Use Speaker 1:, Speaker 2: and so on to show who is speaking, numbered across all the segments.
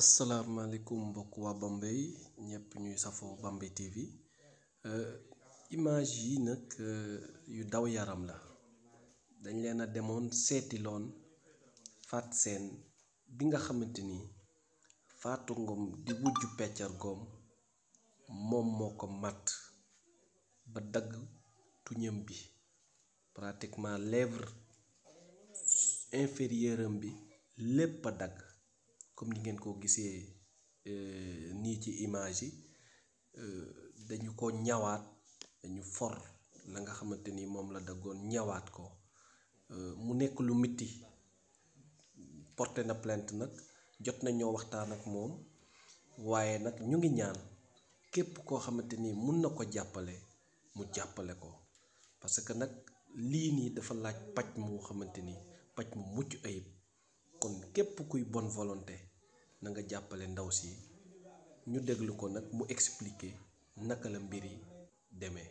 Speaker 1: asalaamaaleykum mbokk waa Bambey ñëpp ñuy safoo Bambey TV euh, image yi nag euh, yu daw yaram la dañ leen a demoon seeti loon Fatou bi nga xamante ni faatu Ngom di wujju peccar goom moom moo ko màtt ba dagg tuñam bi pratiquement lèvre inférieure bi lépp a dagg comme ni ngeen ko gisee euh, nii ci image yi euh, dañu ko ñawaat dañu for la nga xamante ni moom la daggoon ñawaat ko euh, mu nekk lu mitti porté na plainte nag jot nañoo waxtaan ak moom waaye nag ñu ngi ñaan képp koo xamante ni mun na ko jàppale mu jàppale ko parce que nag lii nii dafa laaj paj mu xamante ni paj mu mucc ayib kon képp kuy bon volonté na nga jàppale ndaw si ñu déglu ko nag mu expliquer naka la mbir yi demee.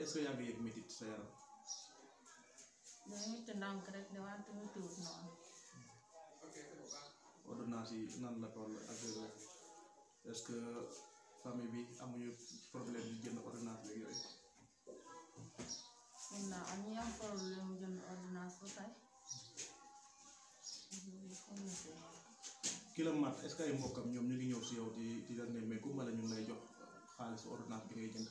Speaker 2: est-ce que yaa ngi yëg métit sa yaram.
Speaker 3: dañuy ndànk rek de noonu.
Speaker 2: ordonnance yi nan la toll est-ce que famille bi amuñu problème di jënd ordonnance léegi yooyu.
Speaker 3: maintenant am ñu am problème jënd ordonnance ba tey.
Speaker 2: ki la mat est-ce que ay mbokkam ñoom ñu ngi ñëw si yow di di la nemmeeku wala ñu lay jox xaalis ordonnance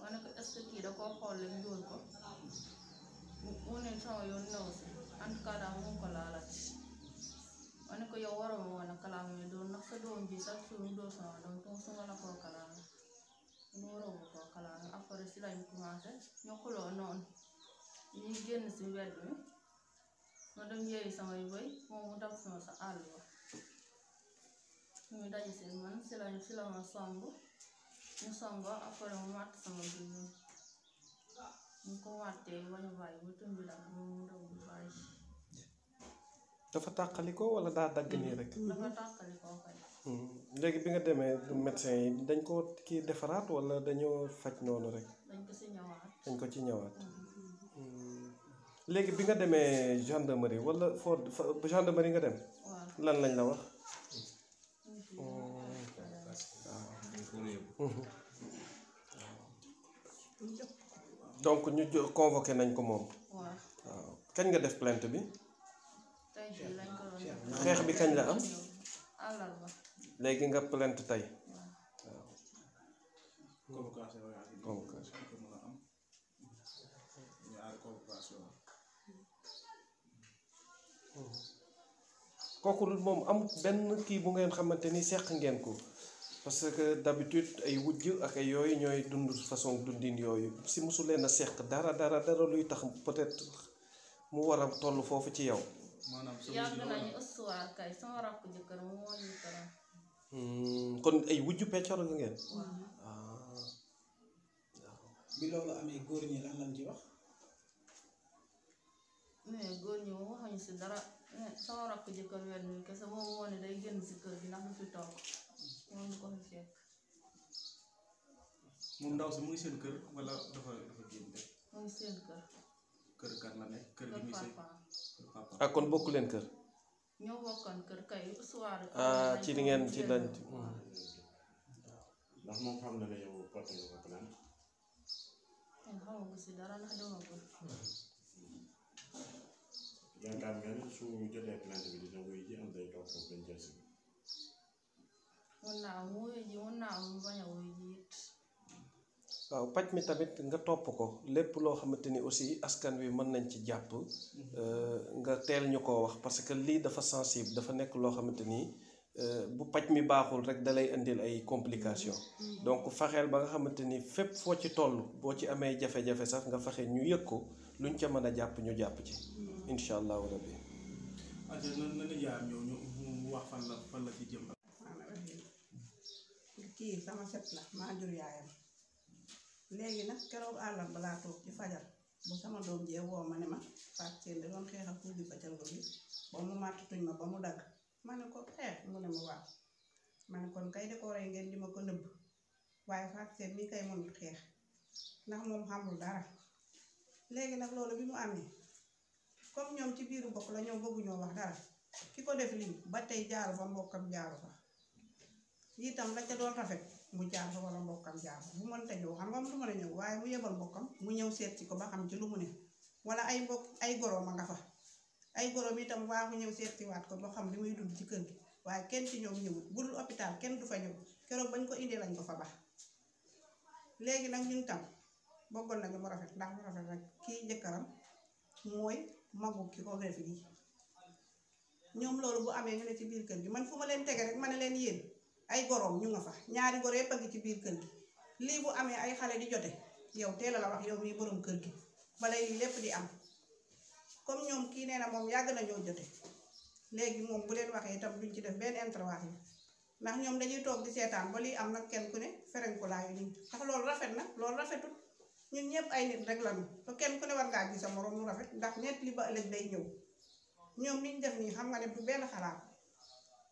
Speaker 3: ma ne ko est ce xool rek dóor ko mu ne yoon new si en tout cas daal mu ko yow waroon woon a kalaam yi doon ndax sa doom bi sax suñu dóor sama doom donc su ma la koo kalaam ñu koo kalaam après si lañ commencé ñu xuloo noonu ñu génn si mbedd mi ma dem yeeyi samay bëy moom mu dab sa àll ba ñu daje seen man si lañ si ñu songo après mu wàtt sama bi ñun ñu ko wàttee bañu bàyyi ba tëmbi eh? la mu daw
Speaker 1: dafa tàqalikoo wala daa dagg nii rek léegi bi nga demee médecin yi dañ ko kii defaraat wala dañoo faj noonu rek
Speaker 3: dañ ko ci ñëwaat
Speaker 1: dañ ko ci ñëwaat mm-hmm. mm-hmm. léegi bi nga demee gendarmerie wala foo gendarmerie nga dem lan lañ la wax Mmh. donc ñu convoqué nañ ko moom. kañ nga def plainte bi.
Speaker 3: tey
Speaker 2: xeex bi kañ la am.
Speaker 3: àllarba.
Speaker 1: léegi nga plainte tey.
Speaker 2: waaw. convocation.
Speaker 1: kooku moom am benn kii bu ngeen xamante ni seq ngeen ko parce que d'habitude ay wujj ak ay yooyu ñooy dund façon dundin yooyu si mosu na a seq dara dara dara luy tax peut-être mu war a toll foofu ci yow.
Speaker 3: maanaam sa yàgg nañu histoire kay sama rakk jëkkër mu moo ñu këram.
Speaker 1: Hmm, kon ay wujj peccor la ngeen. Ah. bi loolu amee góor ñi lan lañ ci wax.
Speaker 3: mais góor ñi moom waxuñu si dara sama rakk jëkkër weer nañu kese moom moo ne day génn si kër gi ndax du fi toog loolu ko xëy
Speaker 2: ndaw si mu ngi seen kër wala dafa dafa génn de.
Speaker 3: mu ngi seen kër.
Speaker 2: kër kan la nekk kër gi muy seen papa ah kon
Speaker 1: bokku leen kër.
Speaker 3: ñoo bokkoon kër kay soir. ah ci li ngeen ci lañ.
Speaker 2: ndax moom xam na ne yow porté nga ko plan.
Speaker 3: xamagu si dara su
Speaker 2: bi dina wuy am day jël
Speaker 1: waaw paj mi tamit nga topp ko lépp loo xamante ni aussi askan wi mën nañ ci jàpp mm-hmm. euh, nga teel ñu ko wax parce que lii dafa sensible dafa nekk loo xamante ni euh, bu paj mi baaxul rek dalay indil ay complications mm-hmm. donc faxeel ba nga xamante ni fépp foo ci toll boo ci amee jafe-jafe sax nga faxe ñu yëg ko luñ ca mën a jàpp ñu jàpp ci mm-hmm. incha allahu rabbi.
Speaker 2: wax fan la fan la ci jëm
Speaker 4: kii sama set la maa jur yaayam léegi nag keroog àllam balaa toog ci fajar bu sama doom jee woo ma ne ma Fatou Seen da doon xeex ak kuur bi ba ca bi ba mu màtt tuñ ma ba mu dagg ma ne ko xeex eh, mu ne ma waaw ma kon kay décoré ngeen di ma ko nëbb waaye Fatou Seen mi kay mënut xeex ndax moom xamul dara léegi nag loolu bi mu amee comme ñoom ci biiru bokk la ñoo bëgguñoo wax dara ki ko def lii ba tey jaaru fa mbokkam jaaru fa lii tam la ca doon rafet mu jaar fa wala mbokkam jaar bu mënta ñëw xam nga du mën a ñëw waaye mu yebal mbokkam mu ñëw seet si ko ba xam ci lu mu ne wala ay mbokk ay goroom a nga fa ay goroom itam waa mu ñëw seet si waat ko ba xam li muy dund ci kër gi waaye kenn ci ñoom ñëwut bu dul hôpital kenn du fa ñëw keroog bañ ko indee lañ ko fa bax léegi nag ñun tam bëggoon nañu mu rafet ndax mu rafet rek kii jëkkëram mooy magu ki ko greffe gi ñoom loolu bu amee ñu ci biir kër gi man fu leen tege rek ma ne leen yéen ay goroom ñu nga fa ñaari goro yëpp a ngi ci biir kër gi lii bu amee ay xale di jote yow teel a la wax yow mii borom kër gi balay lii lépp di am comme ñoom kii nee na moom yàgg nañoo jote léegi moom bu leen waxee itam duñ ci def benn interview yi ñoom dañuy toog di seetaan ba lii am nag kenn ku ne ferenkulaayu ñu ndax loolu rafet na loolu rafetul ñun ñëpp ay nit rek lañu te kenn ku ne war ngaa gis sa moroom mu rafet ndax nett li ba ëllëg day ñëw ñoom liñ def nii xam nga ne bu benn xalaat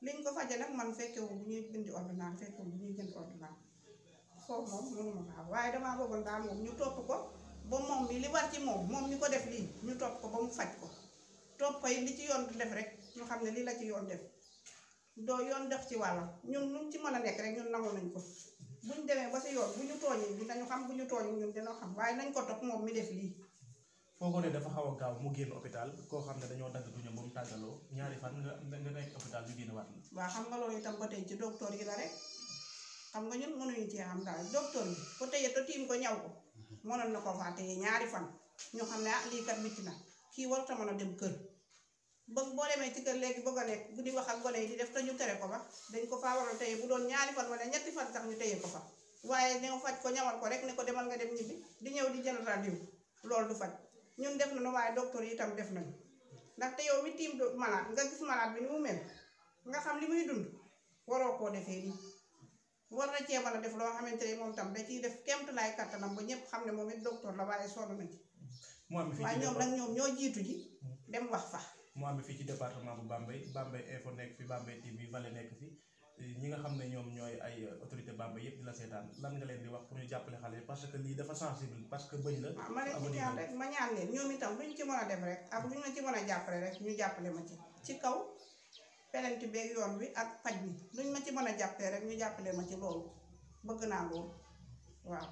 Speaker 4: liñ ko faje nag man fekkewu bu ñuy bind ordonnance fekkewu bu ñuy jënd ordonnance foofu moom mënuma ko xam waaye damaa boobu daal moom ñu topp ko ba moom mi li war ci moom moom mi ko def lii ñu topp ko ba mu faj ko topp ko it li ci yoon def rek ñu xam ne lii la ci yoon def doo yoon def ci wàllam ñun luñ ci mën a nekk rek ñun nangu nañ ko buñ demee ba si yoon bu ñu tooñee dinañu xam bu ñu tooñee ñun dina xam waaye nañ ko topp moom mi def lii
Speaker 2: kooko ne dafa xaw a gaaw mu génn hôpital koo xam ne dañoo dagg duñu ba mu tàggaloo ñaari fan nga nga nekk hôpital ñu génn waat la
Speaker 4: waaw xam nga loolu itam ba tey ci docteur yi la rek xam ko téye te tiim ko ñaw ko ne ah lii kat na kii warut a mën a dem kër bëgg boo demee ci kër léegi bëgg a nekk bu di wax ak gone yi te ko ba dañ ko faa war a téye bu doon ñaari fan wala ñetti fan sax ñu téye ko fa waaye ñëw faj ko ñawal ko rek ne ko demal nga dem ñibbi di ñëw di jël radio loolu du faj ñun def nañu waaye docteur yi itam def nañu ndaxte yow mi tiim malade nga gis malade bi ni mu mel nga xam li muy dund waroo koo defee nii war na cee mën def loo xamante ne moom tam da ciy def kemt laay kattanam ba ñëpp xam ne moom it docteur la waaye sonn na fii waaye ñoom nag ñoom ñoo jiitu ji hmm. dem wax fa.
Speaker 2: mu am fii ci département bu Bambey Bambey Info nekk fi Bambey TV Vallée nekk fi. ñi nga xam ne ñoom ñooy ay euh, autorité bamba yëpp di la seetaan lan nga leen di wax pour ñu jàppale xale parce que lii dafa sensible parce que bëñ la ah, ma leen ci ñaan rek
Speaker 4: ma ñaan leen ñoom itam luñ ci mën a dem rek ak luñ ma ci mën a jàppale rek ñu jàppale ma ci ci kaw pelenti beeg yoon wi ak faj bi luñ ma ci mën a jàppale rek ñu jàppale ma ci loolu bëgg naa loolu waaw